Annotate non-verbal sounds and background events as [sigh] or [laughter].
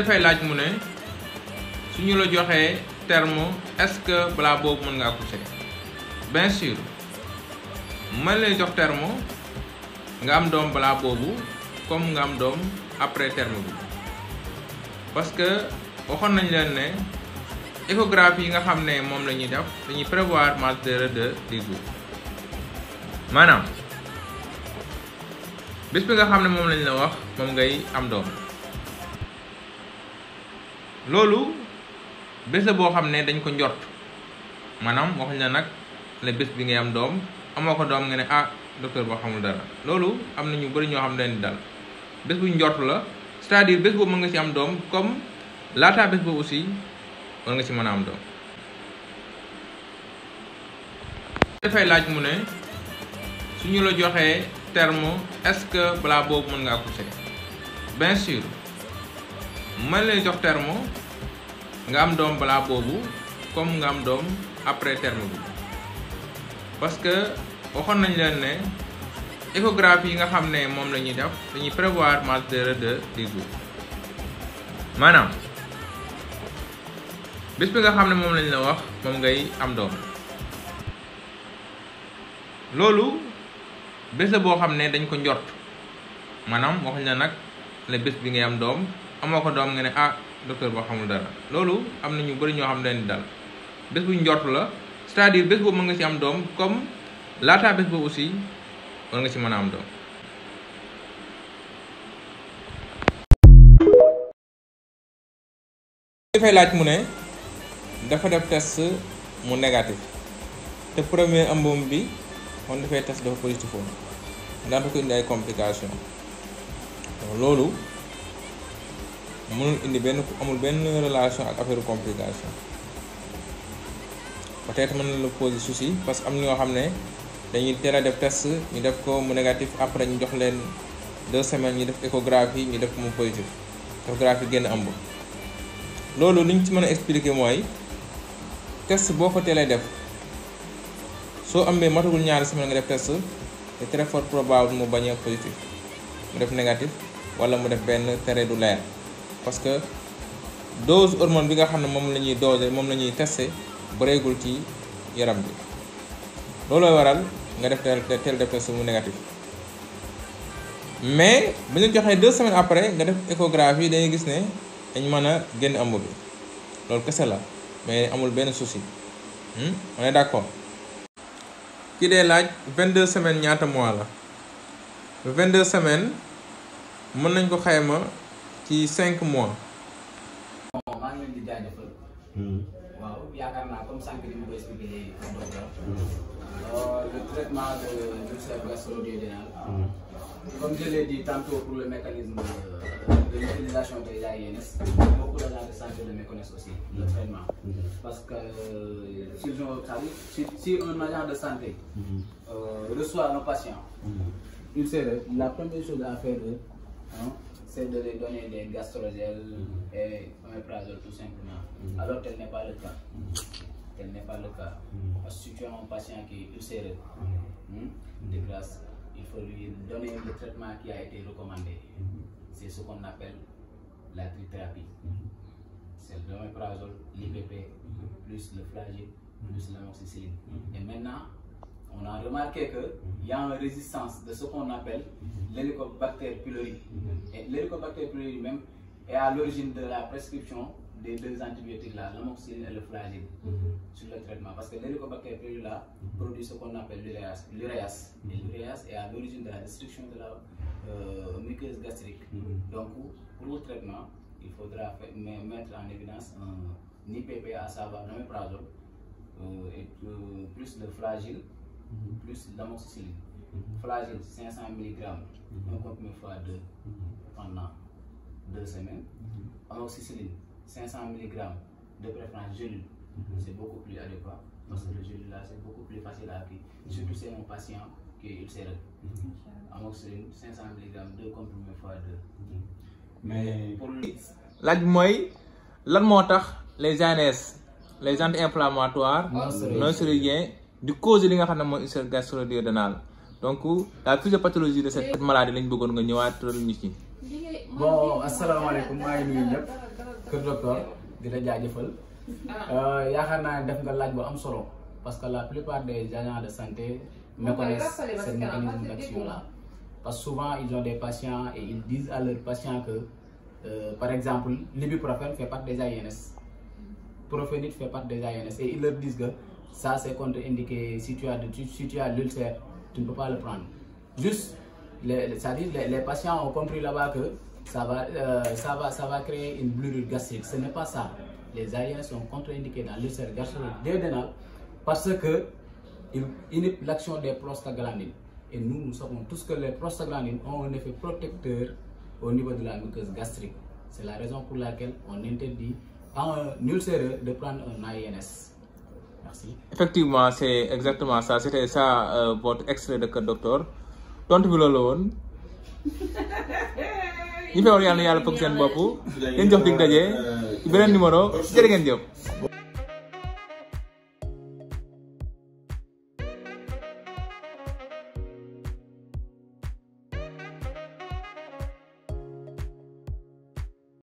dafay laaj mu ne suñu la joxé terme est-ce que bla bobu mën ngaa pousser bien sûr mën lay jox terme nga am dom bla bobu comme nga am dom après terme bi parce que waxon nañ leen ne échographie yi nga xam ne moom la ñuy def dañuy prévoir marge de dix maanaam bis bi nga xam ne moom lañ la wax moom ngay am doom loolu bés boo xam ne dañ ko njort maanaam wax na nag ne bés bi ngay am doom amoo ko doom nga ne ah docteur boo xamul dara loolu am na ñu bëri ñoo xam ne di dal bés bu njort la cest bés boobu mën nga ci am doom comme laataa bés boobu aussi war nga ci mën a am doom. dafay laaj mu ne su ñu la joxee terme est-ce que balaa boobu mën nga accoucher bien man lay jox termo nga am doom balaa boobu comme nga am doom après terme bi parce que waxoon nañ leen ne échographie yi nga xam ne moom la ñuy def dañuy prévoir masse de 10 jours maanaam bis bi nga xam ne moom lañu la wax moom ngay am doom loolu bés la boo xam ne dañ ko njort maanaam waxuñ la nag ne bés bi ngay am doom amoo ko doom ne ah docteur boo xamul dara loolu am na ñu bëri ñoo xam ni dal bés bu la c'est-à-dire mën nga ci am doom comme laataa bés boobu aussi war nga ci mën a am doom. dafay laaj mu ne dafa def test mu négatif te premier ëmbam bi kon dafay test dafa positif woon ndax ko indi ay complications loolu. amul indi benn amul benn relation ak affaire complication peut-être mën na la poser souci parce que am ñoo xam ne dañuy teel a def test ñu def ko mu négatif après ñu jox leen deux semaines ñu def échographie ñu def ko mu positif échographie génn ëmb loolu li ñu ci mën a expliquer mooy test boo ko teelee def soo amee matagul ñaari semaine nga def test c'est très fort probable mu bañ a positif mu def négatif wala mu def benn tere du leer parce que dose hormone bi nga xam ne moom la ñuy doser moom la ñuy tester bëreegul ci yaram bi looloo waral nga def tel tel def test mu négatif mais bu ñu joxee deux semaines après nga def échographie dañuy gis ne dañ mën a génn ëmb loolu kese la mais amul benn souci hmm? on est d'accord ki dee laaj 22 semaines ñaata mois la 22 semaines mën nañ ko xayma. 5 5 mois. bon hmm. comme ça que je expliquer. le traitement de l'ulcère gastro-duodénal. Hmm. comme je l'ai dit tantôt pour le mécanisme de l'utilisation des l'INS, beaucoup de gens de santé le méconnaissent aussi, le hmm. traitement. Parce que euh, si, si, si un agent de santé euh, reçoit un patient, il sait, la première chose à faire, hein, c'est de lui donner des gastrogels mm-hmm. et Omeprazole tout simplement, mm-hmm. alors tel n'est pas le cas. Mm-hmm. Tel n'est pas le cas. Parce si tu as un patient qui est ulcéré, hmm, de grâce, il faut lui donner le traitement qui a été recommandé. C'est ce qu'on appelle la trithérapie. C'est l'oméprazole, l'IPP, plus le Fragile, plus l'amoxicilline. Et maintenant, on a remarqué qu'il y a une résistance de ce qu'on appelle l'hélicobactère pylori. Mm-hmm. Et l'hélicobactère pylori même est à l'origine de la prescription des deux antibiotiques là, l'amoxicilline et le flagyl, mm-hmm. sur le traitement. Parce que l'hélicobactère pylori là produit ce qu'on appelle l'uréas. L'uréas. Et mm-hmm. l'uréas est à l'origine de la destruction de la euh, muqueuse gastrique. Donc, pour le traitement, il faudra mettre en évidence un IPP, à savoir et euh, plus le flagyl Mhm. plus l'amoxicilline. Flagyl 500 mg, un comprimé fois 2 mhm. pendant 2 semaines. Mhm. Amoxicilline 500 mg de préférence gelule, c'est beaucoup plus adéquat parce que le gelule là c'est beaucoup plus facile à appliquer, surtout c'est mon patient qui est ulcéreux. Amoxicilline 500 mg, 2 comprimés fois 2. Mais pour le. laaj mooy lan moo les ANS les anti-inflammatoires non chirurgiens di cause li nga xamne ne mooy ulcère gastro-duodénal donc la physiopathologie de cette maladie lañ bëggoon nga ñëwaat tour ñu ci bon asalaamaaleykum maa ngi nuyu ñëpp keur docteur di la jaajëfal [laughs] euh, yaakaar naa def nga laaj bu am solo parce que la plupart des agents de santé connaissent ce mécanisme d'action là parce que souvent ils ont des patients et ils disent à leurs patients que euh, par exemple l'ibuprofène fait partie des ANS, prophénite fait partie des ANS et ils leur disent que Ça, c'est contre-indiqué. Si tu as, si as l'ulcère, tu ne peux pas le prendre. Juste, les, patients ont compris là-bas que ça va, euh, ça, va, ça va créer une brûlure gastrique. Ce n'est pas ça. Les aériens sont contre-indiqués dans l'ulcère gastrique parce que inhibent l'action des prostaglandines. Et nous, nous savons tous que les prostaglandines ont un effet protecteur au niveau de la muqueuse gastrique. C'est la raison pour laquelle on interdit à un ulcéreux de prendre un AINS. Merci. Effectivement, c'est exactement ça. C'était ça euh, votre extrait de Cœur Docteur. Tontu bi loolu la woon ñu feebar yàlla na yàlla fëgg seen bopp ngeen jox dig daje ci numéro jërë ngeen jëf.